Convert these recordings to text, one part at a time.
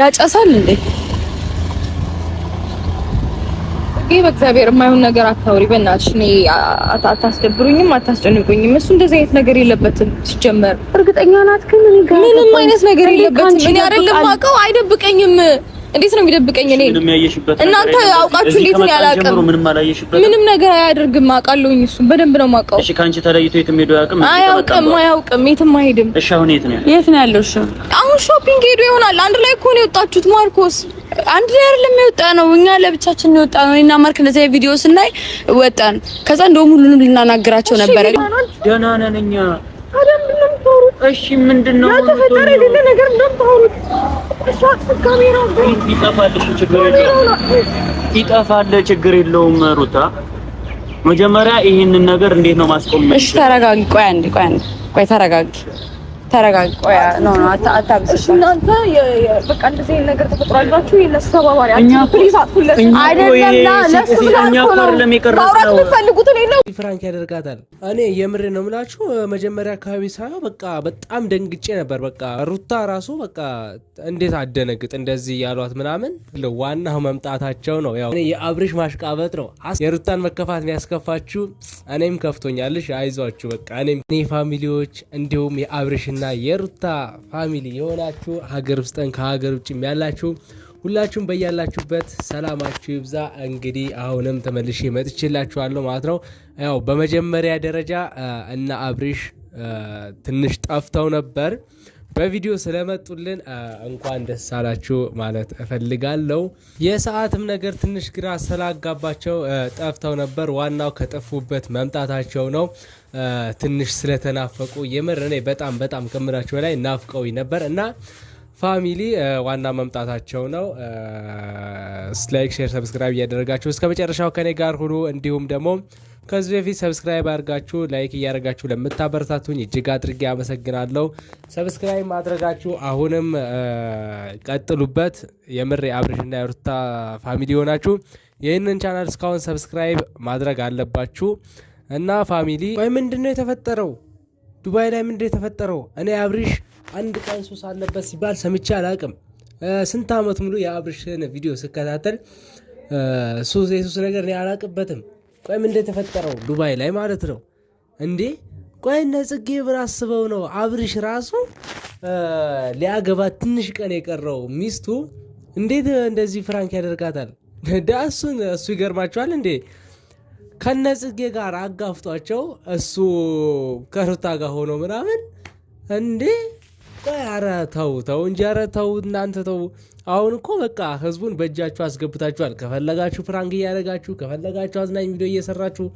ያጨሳል እንዴ? ይሄ በእግዚአብሔር የማይሆን ነገር አታውሪ፣ በእናትሽ እኔ አታስደብሩኝም፣ አታስጨንቁኝም። እሱ እንደዚህ አይነት ነገር የለበትም። ሲጀመር እርግጠኛ ናት ግን ምንም አይነት ነገር የለበትም። እኔ አይደለም አውቀው አይደብቀኝም እንዴት ነው የሚደብቀኝ? እኔ እናንተ አውቃችሁ እንዴት ነው ያላቀም? ምንም ነገር አያደርግም። አውቃለሁኝ፣ እሱ በደንብ ነው የማውቀው። እሺ፣ ካንቺ ተለይቶ የትም ሄዶ አያውቅም። አያውቅም፣ አያውቅም፣ የትም አይሄድም። እሺ፣ አሁን የት ነው የት ነው ያለው? እሺ፣ አሁን ሾፒንግ ሄዶ ይሆናል። አንድ ላይ እኮ ነው የወጣችሁት። ማርኮስ አንድ ላይ አይደለም የወጣ ነው፣ እኛ ለብቻችን ነው የወጣ ነው። እና ማርክ እንደዚህ ቪዲዮ ስናይ ወጣን። ከዛ እንደውም ሁሉንም ልናናግራቸው ነበረ። ደህና ነን እኛ እሺ፣ ምንድን ነው ተፈጠረ? የሌለ ነገር እንዳታወሩት። እሷ ካሜራ ይጠፋል፣ ችግር የለውም ይጠፋል፣ ችግር የለውም። ሩታ መጀመሪያ ይህንን ነገር እንዴት ነው ማስቆም? እሺ፣ ተረጋጊ። ቆይ አንዴ፣ ቆይ አንዴ፣ ቆይ ተረጋጊ። ተረጋግጦ ያ ነው ነው። ፍራንክ ያደርጋታል። እኔ የምር ነው የምላችሁ መጀመሪያ አካባቢ ሳየው በቃ በጣም ደንግጬ ነበር። በቃ ሩታ ራሱ በቃ እንዴት አደነግጥ እንደዚህ ያሏት ምናምን። ዋናው መምጣታቸው ነው። ያው እኔ የአብርሽ ማሽቃበጥ ነው የሩታን መከፋት ያስከፋችሁ። እኔም ከፍቶኛልሽ። አይዟችሁ በቃ እኔም እኔ ፋሚሊዎች እንዲሁም የአብርሽን እና የሩታ ፋሚሊ የሆናችሁ ሀገር ውስጥን ከሀገር ውጭም ያላችሁ ሁላችሁም በያላችሁበት ሰላማችሁ ይብዛ። እንግዲህ አሁንም ተመልሼ መጥቼላችኋለሁ ማለት ነው። ያው በመጀመሪያ ደረጃ እና አብሪሽ ትንሽ ጠፍተው ነበር በቪዲዮ ስለመጡልን እንኳን ደስ አላችሁ ማለት እፈልጋለሁ። የሰዓትም ነገር ትንሽ ግራ ስላጋባቸው ጠፍተው ነበር። ዋናው ከጠፉበት መምጣታቸው ነው። ትንሽ ስለተናፈቁ የምር እኔ በጣም በጣም ከምላቸው ላይ ናፍቀው ነበር እና ፋሚሊ ዋና መምጣታቸው ነው። ላይክ፣ ሼር፣ ሰብስክራይብ እያደረጋችሁ እስከ መጨረሻው ከኔ ጋር ሁሉ እንዲሁም ደግሞ ከዚህ በፊት ሰብስክራይብ አድርጋችሁ ላይክ እያደረጋችሁ ለምታበረታቱኝ እጅግ አድርጌ አመሰግናለሁ። ሰብስክራይብ ማድረጋችሁ አሁንም ቀጥሉበት። የምር የአብርሽና የሩታ ፋሚሊ ሆናችሁ ይህንን ቻናል እስካሁን ሰብስክራይብ ማድረግ አለባችሁ እና ፋሚሊ ወይ ምንድን ነው የተፈጠረው? ዱባይ ላይ ምንድን የተፈጠረው? እኔ አብሪሽ አንድ ቀን ሱስ አለበት ሲባል ሰምቼ አላቅም። ስንት ዓመት ሙሉ የአብሪሽ ቪዲዮ ስከታተል ሱስ የሱስ ነገር እኔ አላቅበትም። ቆይ ምንድን የተፈጠረው ዱባይ ላይ ማለት ነው እንዴ? ቆይ እነ ጽጌ ብር አስበው ነው አብሪሽ ራሱ ሊያገባት ትንሽ ቀን የቀረው ሚስቱ እንዴት እንደዚህ ፍራንክ ያደርጋታል? ዳሱን እሱ ይገርማቸዋል እንዴ? ከነጽጌ ጋር አጋፍቷቸው እሱ ከሩታ ጋር ሆኖ ምናምን እንዴ ቆይ ኧረ ተው ተው እንጂ ኧረ ተው እናንተ ተው። አሁን እኮ በቃ ህዝቡን በእጃችሁ አስገብታችኋል። ከፈለጋችሁ ፕራንክ እያደረጋችሁ፣ ከፈለጋችሁ አዝናኝ ቪዲዮ እየሰራችሁ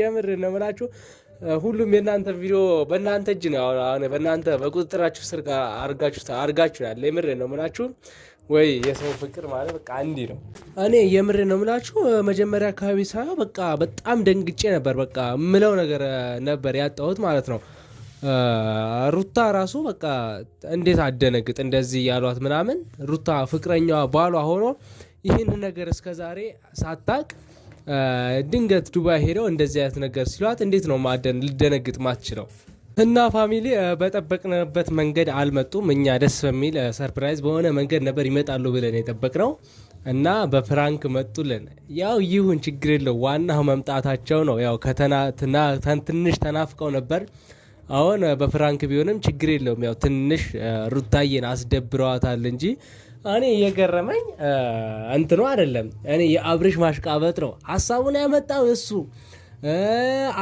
የምር ነው የምላችሁ። ሁሉም የእናንተ ቪዲዮ በእናንተ እጅ ነው፣ በእናንተ በቁጥጥራችሁ ስር አርጋችሁ ያለ የምር ነው የምላችሁ። ወይ የሰው ፍቅር ማለት በቃ አንዲ ነው። እኔ የምር ነው ምላችሁ መጀመሪያ አካባቢ ሳ በቃ በጣም ደንግጬ ነበር። በቃ ምለው ነገር ነበር ያጣሁት ማለት ነው። ሩታ ራሱ በቃ እንዴት አደነግጥ እንደዚህ ያሏት ምናምን ሩታ ፍቅረኛዋ ባሏ ሆኖ ይህን ነገር እስከዛሬ ሳታቅ ድንገት ዱባይ ሄደው እንደዚህ አይነት ነገር ሲሏት እንዴት ነው ልደነግጥ ማትችለው? እና ፋሚሊ በጠበቅንበት መንገድ አልመጡም። እኛ ደስ በሚል ሰርፕራይዝ በሆነ መንገድ ነበር ይመጣሉ ብለን የጠበቅነው እና በፕራንክ መጡልን። ያው ይሁን ችግር የለው ዋናው መምጣታቸው ነው። ያው ትንሽ ተናፍቀው ነበር። አሁን በፍራንክ ቢሆንም ችግር የለውም። ያው ትንሽ ሩታዬን አስደብረዋታል እንጂ እኔ እየገረመኝ እንትኑ አይደለም። እኔ የአብርሽ ማሽቃበጥ ነው ሀሳቡን ያመጣው እሱ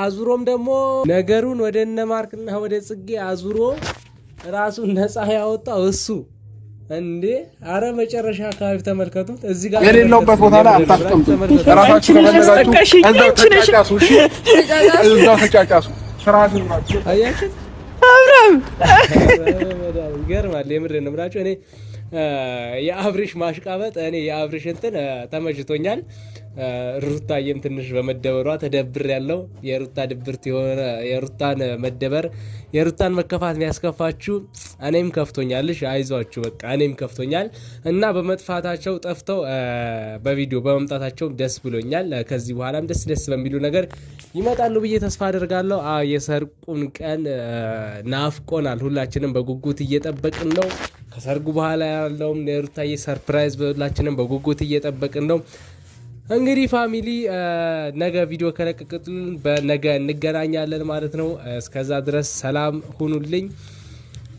አዙሮም ደግሞ ነገሩን ወደ እነ ማርክና ወደ ጽጌ አዙሮ ራሱን ነፃ ያወጣው እሱ እንዴ! አረ መጨረሻ አካባቢ ተመልከቱት። እዚህ ጋር የሌለውበት ቦታ ላይ አታስቀምጡ። ራሳችሁ ከመለጋችሁ እዛው ተጫጫሱ፣ እሺ? እዛው ተጫጫሱ። ስራችሁ አያችሁ። አብራም ይገርማል። የምሬን ነው የምላችሁ። እኔ የአብርሽ ማሽቃበጥ እኔ የአብርሽ እንትን ተመችቶኛል። ሩታዬም ትንሽ በመደበሯ ተደብር ያለው የሩታ ድብርት የሆነ የሩታን መደበር የሩታን መከፋት የሚያስከፋችሁ እኔም ከፍቶኛልሽ፣ አይዟችሁ በቃ እኔም ከፍቶኛል እና በመጥፋታቸው ጠፍተው በቪዲዮ በመምጣታቸው ደስ ብሎኛል። ከዚህ በኋላም ደስ ደስ በሚሉ ነገር ይመጣሉ ብዬ ተስፋ አደርጋለሁ። የሰርቁን ቀን ናፍቆናል፣ ሁላችንም በጉጉት እየጠበቅን ነው። ከሰርጉ በኋላ ያለውም የሩታዬ ሰርፕራይዝ ሁላችንም በጉጉት እየጠበቅን ነው። እንግዲህ ፋሚሊ ነገ ቪዲዮ ከለቀቅጥልን በነገ እንገናኛለን ማለት ነው። እስከዛ ድረስ ሰላም ሁኑልኝ።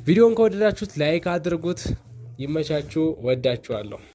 ቪዲዮን ከወደዳችሁት ላይክ አድርጉት። ይመቻችሁ። ወዳችኋለሁ።